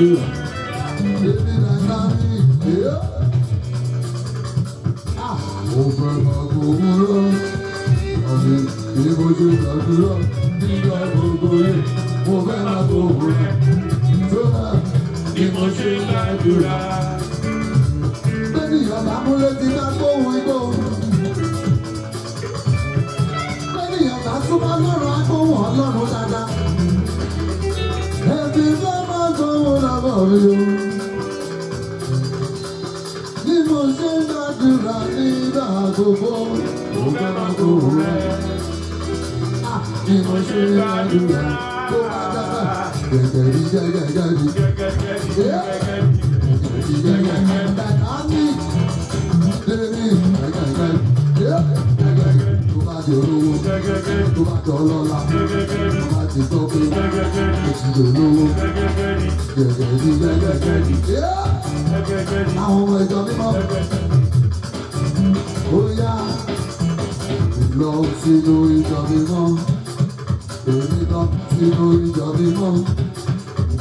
jù. Mo fẹ́ máa gbowó lọ, àmì ìbojú ìdádúrà, dídá gbogbo yìí, mo fẹ́ máa gbowó lọ, tó bá ìmọ̀ ṣe ń gbàdúrà. rí o. Bí mo ṣe ń gbàdúrà nígbà gbogbo, mo fẹ́ máa tó rẹ̀. Bí mo ṣe ń gbàdúrà tó bá dábà, gẹ̀gẹ̀ rí gẹ́gẹ́ jáde. Gẹ̀gẹ̀ rí gẹ́gẹ́ jáde ti olówó tó bá tọ́ lọ́la tó bá ti tọ́ pé o ti dolówó gẹ̀gẹ̀ ní gẹ́gẹ́ àwọn ọmọ ìjọ mímọ́ ó yá lọ sínú ìjọ mímọ́ èmi lọ sínú ìjọ mímọ́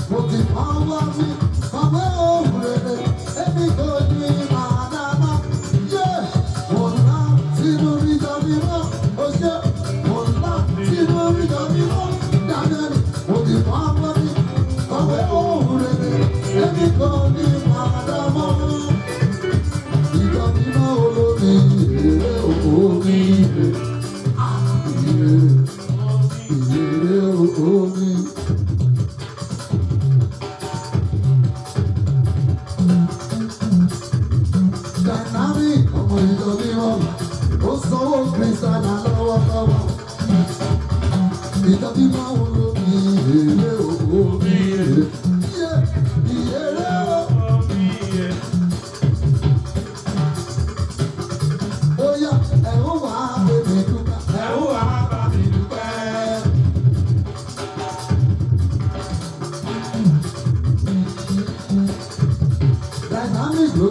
mo ti pa wá sí pàmò.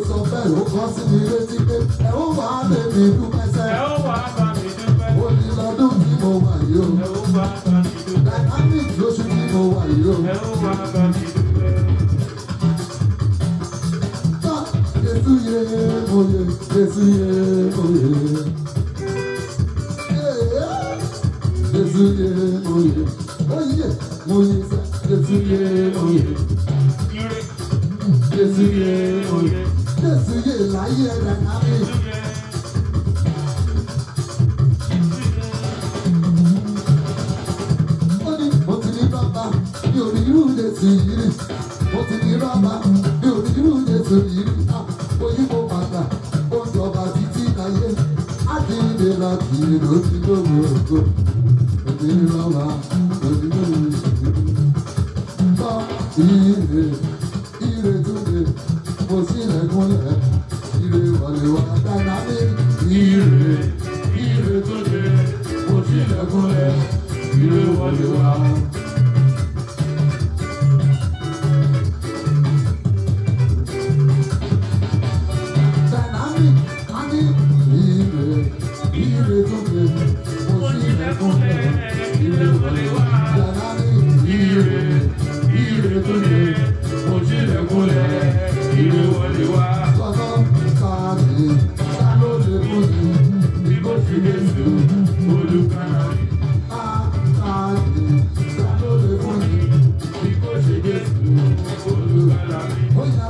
sọ bẹ́ẹ̀ ló kọ́ sí mi létí pé ẹ ó wà á lè mi dúpẹ́ sẹ́. ẹ ó wà á bá mi dúpẹ́. ó ní lọ́dún bí mo wà yìí o. ẹ ó wà á bá mi dúpẹ́. dynamic lóṣù bí mo wà yìí o. ẹ ó wà á bá mi dúpẹ́. tá ètú yẹ mo yẹ ètú yẹ mo yẹ. ètú yẹ mo yẹ. ó yẹ mo yẹ sẹ́ ètú yẹ mo yẹ. Yes, yeah, oh yeah kéèsì yé láyé ẹ̀rẹ̀ kárí. ó ní mo ti ní bàbá mi ò ní irú ìdẹ̀sì yìí rí mo ti ní bàbá mi ò ní irú ìdẹ̀sì yìí rí oyún mo bàtà ó jọba títí láyé á ti ń dé láti ìlú tí lóòrùn ògo òdì ní bàbá òdì ní ìlú. for you are.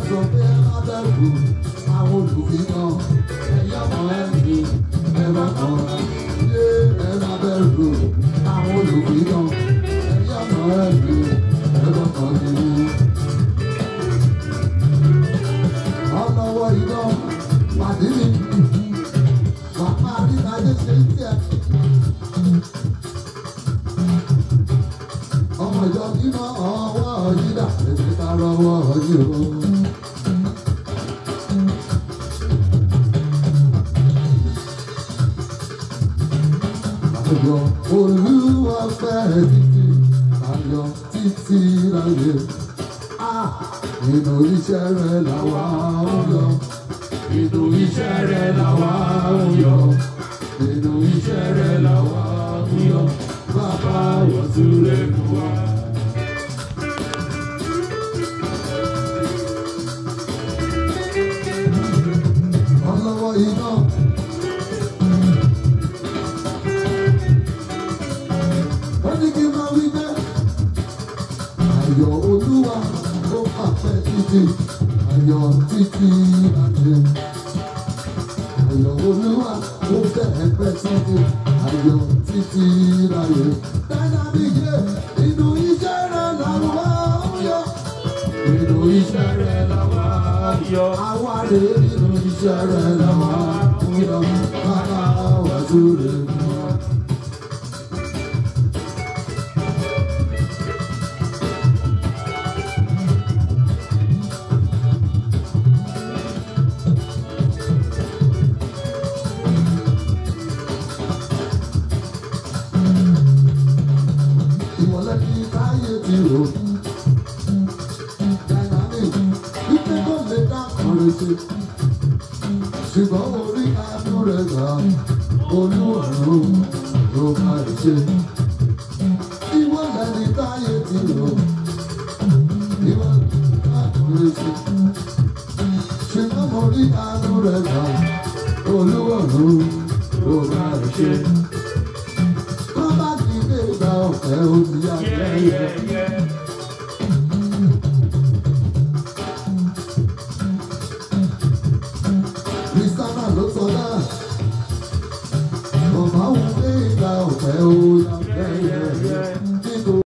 àtòpé abẹ́rù àwọn olùfihàn ẹ̀yà ọmọ ẹ̀mí you kan lé ẹ̀rọ abẹ́rù àwọn olùfihàn ẹ̀yà ọmọ ẹ̀mí ẹ̀rọ kan nínú. ọlọ́wọ́ iná pàdé mi bàbá adébáyé ṣe ń tẹ̀. ọmọ ìjọ bímọ ọwọ́ ọ̀yídà ẹ̀ṣẹ̀ ká lọ́wọ́ ọ̀yí o. mi ìdùn ah. iṣẹ́ rẹ làwa ń yọ. ìdùn iṣẹ́ rẹ làwa ń yọ. ìdùn iṣẹ́ méjì ayọ̀ títí ayé ayọ̀ olúwa mo fẹ́ ẹgbẹ́ títí ayọ̀ títí ayé dánàbíyé inú iṣẹ́ rẹ̀ làwa yọ inú iṣẹ́ rẹ̀ làwa yọ àwa rè inú iṣẹ́ rẹ̀ làwa yọ bàbá wàjú rè. ìró. Ipe tó lè dá ọ̀rẹ́ ṣe. Ṣùgbọ́n orí àánú rẹ̀ gbà olúwarùn ló má lè ṣe. Ìwọ lẹni táyé ti rò. Ìwọ lẹni táyé ti rò. Ṣùgbọ́n orí àánú rẹ̀ gbà olúwarùn ló má lè ṣe. Kọ́